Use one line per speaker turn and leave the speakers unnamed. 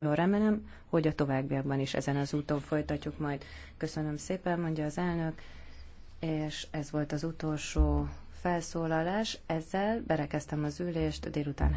Remélem, hogy a továbbiakban is ezen az úton folytatjuk majd. Köszönöm szépen, mondja az elnök, és ez volt az utolsó felszólalás. Ezzel
berekeztem az ülést délután